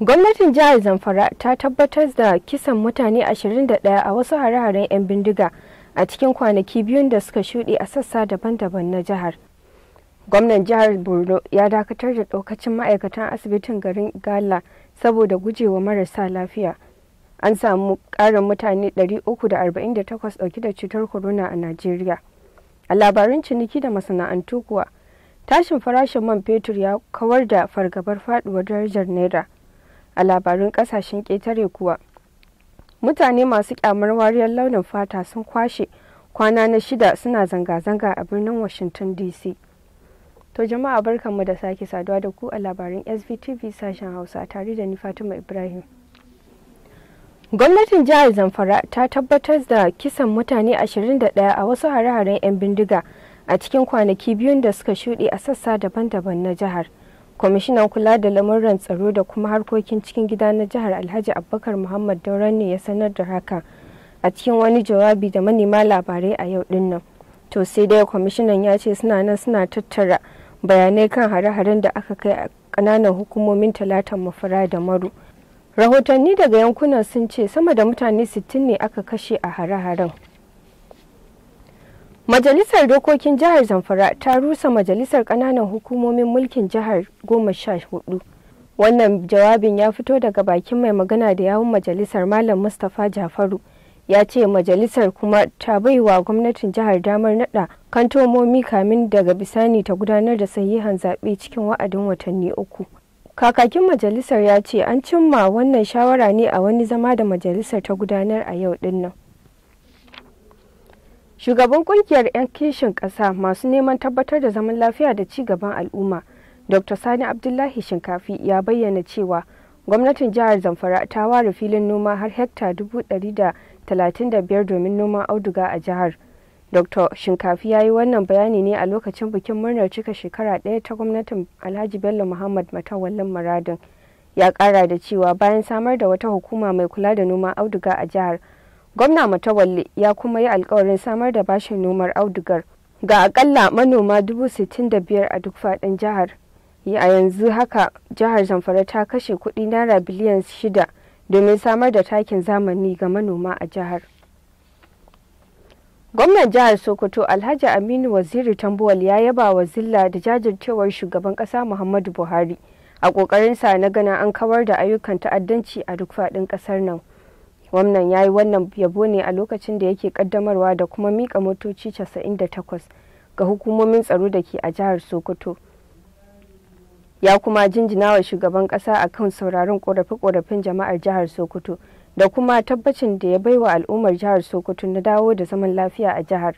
Gwamnatin jihar Zamfara ta tabbatar da kisan mutane 21 a wasu hare-haren 'yan bindiga a cikin kwanaki biyun da suka shuɗe a sassa daban-daban na jihar. gwamnan jihar borno ya dakatar da daukacin ma'aikatan asibitin garin gala saboda gujewa marasa lafiya an samu karin mutane 348 dauke da cutar corona a najeriya a labarin ciniki da masana'antu kuwa tashin farashin man fetur ya kawar da fargabar faduwar darajar naira a labarin kasashen ketare kuwa mutane masu kyamar wariyar launin fata sun kwashe kwana na shida suna zanga-zanga a birnin washington dc To jama'a mu da sake saduwa da ku a labarin SVTV sashen Hausa tare da ni Fatima Ibrahim. Gwamnatin jihar Zamfara ta tabbatar da kisan mutane 21 a wasu hare-haren 'yan bindiga a cikin kwanaki biyun da suka shuɗe a sassa daban-daban na jihar. Kwamishinan kula da lamuran tsaro da kuma harkokin cikin gida na jihar Alhaji Abubakar Muhammad Dauran ne ya sanar da haka a cikin wani jawabi da manema labarai a yau dinnan. To sai dai kwamishinan ya ce suna nan suna tattara bayanai kan hare-haren da aka kai a kananan hukumomin talatan mafara da maru rahotanni daga yankunan sun ce sama da mutane 60 ne aka kashe a hare-haren majalisar dokokin jihar zamfara ta rusa majalisar kananan hukumomin mulkin jihar goma sha hudu wannan jawabin ya fito daga bakin mai magana da yawun majalisar malam mustapha jafaru ya ce majalisar kuma ta baiwa gwamnatin jihar damar nada kantomomi kamin daga bisani ta gudanar da sahihan zaɓe cikin wa'adin watanni uku kakakin majalisar ya ce an cimma wannan shawara ne a wani zama da majalisar ta gudanar a yau dinnan shugaban kungiyar 'yan kishin ƙasa masu neman tabbatar da zaman lafiya da ci gaban al'umma dr sani abdullahi shinkafi ya bayyana cewa gwamnatin jihar zamfara ta ware filin noma har hekta dubu da 35 domin noman auduga a jihar. Dr. Shinkafi ya yi wannan bayani ne a lokacin bikin murnar cika shekara ɗaya ta gwamnatin Alhaji Bello Muhammad Matawallin Muradin. Ya ƙara da cewa bayan samar da wata hukuma mai kula da noman auduga a jihar, gwamna walle ya kuma yi alkawarin samar da bashin nomar audugar ga akalla manoma dubu sittin da biyar a duk faɗin jihar. A yanzu haka jihar Zamfara ta kashe kuɗi naira biliyan shida domin samar da takin zamani ga manoma a jihar. Gwamnan jihar Sokoto Alhaji Aminu Waziri Tambuwal ya yaba wa zilla da jajircewar shugaban kasa Muhammadu Buhari a ƙoƙarinsa na gana an kawar da ayyukan ta'addanci a duk faɗin ƙasar nan. Gwamnan ya yi wannan yabo ne a lokacin da yake ƙaddamarwa da kuma miƙa motoci 98 ga hukumomin tsaro da ke a jihar Sokoto. ya kuma jinjina wa shugaban kasa a kan sauraron korafe korafin jama'ar jihar sokoto da kuma tabbacin da ya baiwa al'ummar jihar sokoto na dawo da zaman lafiya a jihar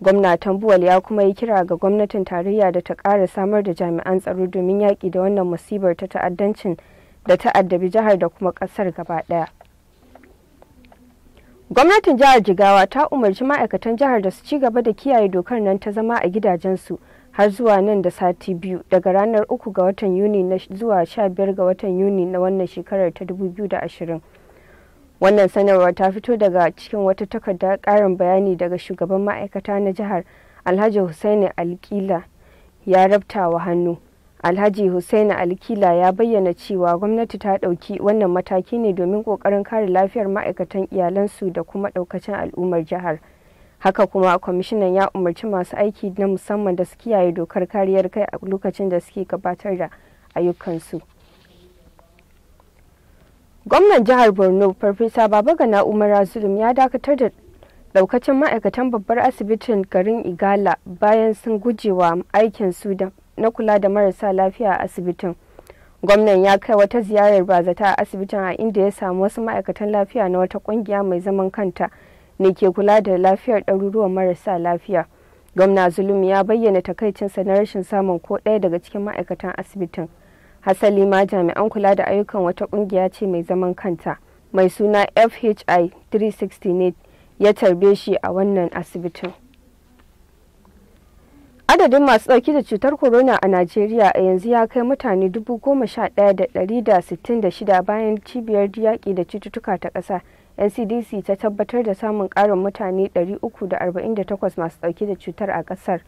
gwamna tambuwal ya kuma yi kira ga gwamnatin tarayya da ta kara samar da jami'an tsaro domin yaƙi da wannan musibar ta ta'addancin da ta addabi jihar da kuma ƙasar gaba ɗaya gwamnatin jihar jigawa ta umarci ma'aikatan jihar da su ci gaba da kiyaye dokar nan ta zama a gidajensu su har zuwa nan da sati biyu daga ranar 3 ga watan yuni zuwa 15 ga watan yuni na wannan shekarar ta 2020 wannan sanarwar ta fito daga cikin wata takardar karin bayani daga shugaban ma'aikata na jihar alhaji husaini alkila ya rabtawa hannu alhaji hussaini alkila ya bayyana cewa gwamnati ta ɗauki wannan mataki ne domin ƙoƙarin kare lafiyar ma'aikatan iyalansu da kuma ɗaukacin al'ummar jihar. haka kuma kwamishinan ya umarci masu aiki na musamman da su kiyaye dokar kariyar kai a lokacin da suke gabatar da ayyukansu gwamnan jihar borno farfesa baba gana umar zulum ya dakatar da daukacin ma'aikatan babbar asibitin garin igala bayan sun gujewa su na kula da marasa lafiya a asibitin gwamnan ya kai wata ziyarar bazata a asibitin a inda ya samu wasu ma'aikatan lafiya na wata kungiya mai zaman kanta ne ke kula da lafiyar ɗaruruwan marasa lafiya gwamna zulum ya bayyana takaicinsa na rashin samun ko ɗaya daga cikin ma'aikatan asibitin hasali ma jami'an kula da ayyukan wata ƙungiya ce mai zaman kanta mai suna fhi 360 ne ya tarbe shi a wannan asibitin adadin masu ɗauki da cutar corona a najeriya a yanzu ya kai mutane 11,166 bayan cibiyar yaƙi da cututtuka ta ƙasa ncdc ta tabbatar da samun karin mutane 348 masu dauke da cutar a kasar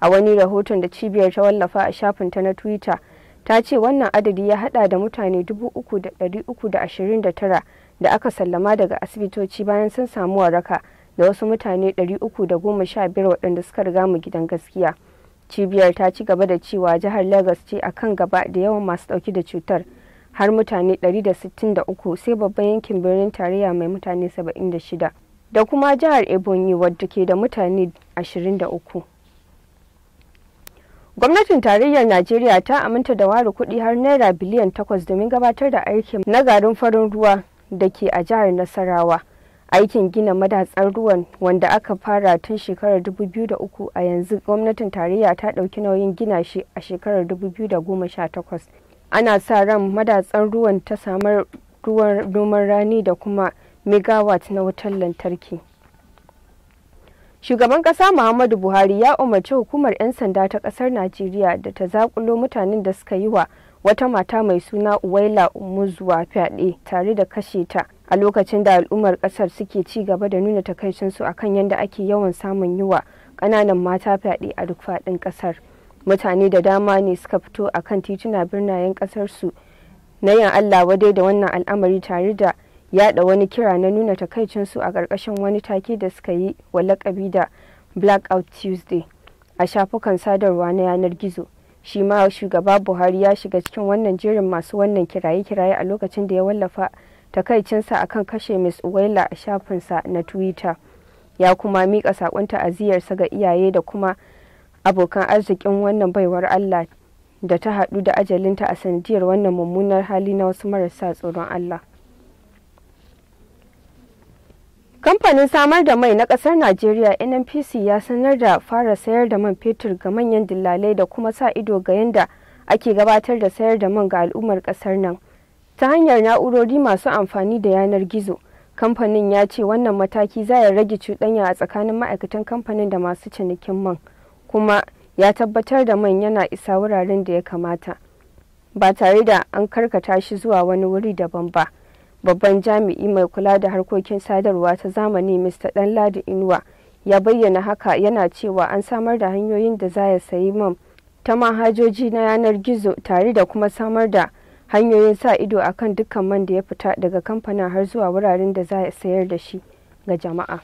a wani rahoton da cibiyar ta wallafa a shafin ta na twitter ta ce wannan adadi ya hada da mutane 3,329 da aka sallama daga asibitoci bayan sun samu waraka da wasu mutane 315 waɗanda suka riga mu gidan gaskiya cibiyar ta ci gaba da cewa jihar lagos ce a kan gaba da yawan masu dauke da cutar har mutane 163 sai babban yankin birnin tarayya mai mutane 76 da kuma jihar ebonyi wadda ke da mutane 23 gwamnatin tarayyar najeriya ta aminta da ware kudi har naira biliyan 8 domin gabatar da aikin na garin farin ruwa da ke a jihar nasarawa aikin gina madatsar ruwan wanda aka fara tun shekarar 2003 a yanzu gwamnatin tarayya ta ɗauki nauyin gina shi a shekarar 2018 ana sa ran madatsan ruwan ta samar ruwan noman rani da kuma megawatt na wutar lantarki shugaban kasa muhammadu buhari ya umarci hukumar 'yan sanda ta kasar najeriya da ta zakulo mutanen da suka yi wa wata mata mai suna uwaila umuzuwa fyaɗe tare da kashe ta a lokacin da al'ummar kasar suke ci gaba da nuna takaicinsu akan yadda ake yawan samun yiwa ƙananan mata fyaɗe a duk faɗin kasar. mutane da dama ne suka fito a kan tituna birnayen kasarsu na yin allah wadai da wannan al'amari tare da yada wani kira na nuna takaicinsu a ƙarƙashin wani take da suka yi wa lakabi da blackout tuesday a shafukan sadarwa na yanar gizo shi ma shugaba buhari ya shiga cikin wannan jerin masu wannan kiraye-kiraye a lokacin da ya wallafa takaicinsa a kan kashe miss uwaila a shafinsa na twitter ya kuma miƙa saƙon ta'aziyarsa ga iyaye da kuma abokan arzikin wannan baiwar Allah da ta haɗu da ajalinta a sanadiyar wannan mummunar hali na wasu marasa tsoron Allah. Kamfanin samar da mai na ƙasar Najeriya NNPC ya sanar da fara sayar da man fetur ga manyan dillalai da kuma sa ido ga yadda ake gabatar da sayar da man ga al'ummar ƙasar nan. Ta hanyar na'urori masu amfani da yanar gizo, kamfanin ya ce wannan mataki za ya rage cuɗanya a tsakanin ma'aikatan kamfanin da masu cinikin man. kuma ya tabbatar da man yana isa wuraren da ya kamata ba tare da an karkata shi zuwa wani wuri daban ba babban jami'i mai kula da harkokin sadarwa ta zamani mr danladi inuwa ya bayyana haka yana cewa an samar da hanyoyin da za ya sayi man ta manhajoji na yanar gizo tare da kuma samar da hanyoyin sa ido akan dukkan man da ya fita daga kamfanin har zuwa wuraren da za a sayar da shi ga jama'a.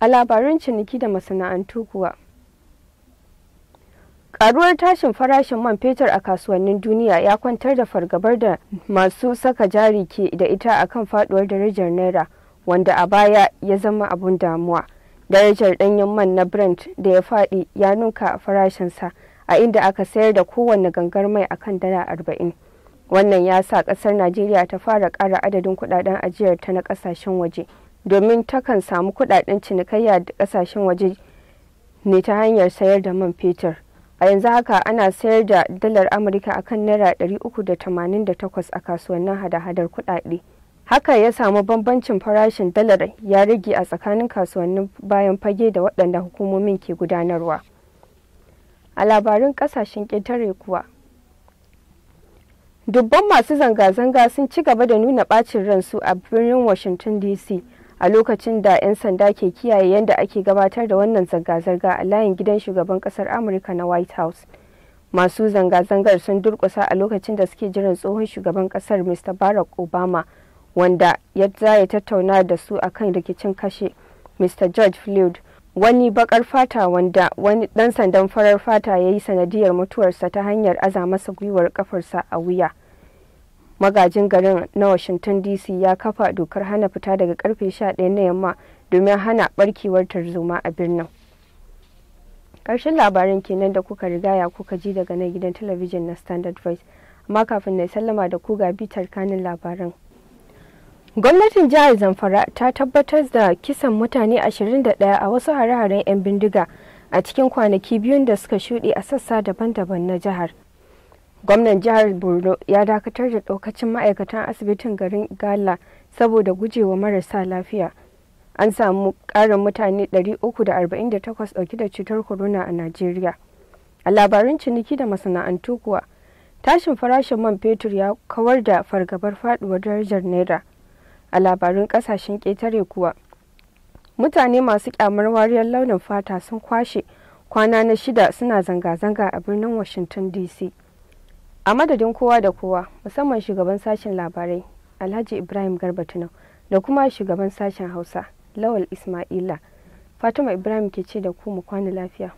a labaran ciniki da masana'antu kuwa ƙaruwar tashin farashin man fetur a kasuwannin duniya ya kwantar da fargabar da masu saka jari ke da ita akan faduwar darajar naira wanda a baya ya zama abun damuwa darajar ɗanyen man na brent da ya faɗi ya nuka a farashinsa a inda aka sayar da kowanne gangar mai akan dala arba'in wannan ya sa ƙasar najeriya ta fara ƙara adadin kuɗaɗen ajiyar ta na ƙasashen waje domin takan samu kudaden cinikayya da kasashen waje ne ta hanyar sayar da man fetur a yanzu haka ana sayar da dalar amurka kan naira 388 a kasuwannin hada-hadar kudade haka ya samu bambancin farashin dalar ya rage a tsakanin kasuwannin bayan fage da waɗanda hukumomin ke gudanarwa a labarin kasashen ƙetare kuwa dubban masu zanga-zanga sun ci gaba da nuna ɓacin ransu a birnin washington dc a lokacin da 'yan sanda ke kiyaye yadda ake gabatar da wannan zanga-zanga a layin gidan shugaban kasar amurka na white house masu zanga-zangar sun durkusa a lokacin da suke jiran tsohon shugaban kasar mr barack obama wanda ya ya tattauna da su akan rikicin kashe mr george floyd wani bakar fata wanda wani dan sandan farar fata ya yi sanadiyar mutuwarsa ta hanyar aza masa gwiwar kafarsa a wuya magajin garin na washington dc ya kafa dokar hana fita daga karfe 11 na yamma domin hana barkewar tarzoma a birnin karshen labarin kenan da kuka riga ya kuka ji daga nan gidan talabijin na standard voice amma kafin na sallama da ku ga bitar kanin labaran gwamnatin jihar zamfara ta tabbatar da kisan mutane 21 a wasu hare-haren 'yan bindiga a cikin kwanaki biyun da suka shuɗe a sassa daban-daban na jihar gwamnan jihar borno ya dakatar da ɗaukacin ma'aikatan asibitin garin gala saboda gujewa marasa lafiya an samu ƙarin mutane 348 ɗauki da cutar corona a najeriya a labarin ciniki da masana'antu kuwa tashin farashin man fetur ya kawar da fargabar faduwar darajar naira a labarun kasashen ƙetare kuwa mutane masu kyamar wariyar launin fata sun kwashe kwana na shida suna zanga-zanga a birnin washington dc a madadin kowa da kowa musamman shugaban sashen labarai alhaji ibrahim garba tunau da kuma shugaban sashen hausa lawal ismaila fatima ibrahim ke ce da ku mu kwana lafiya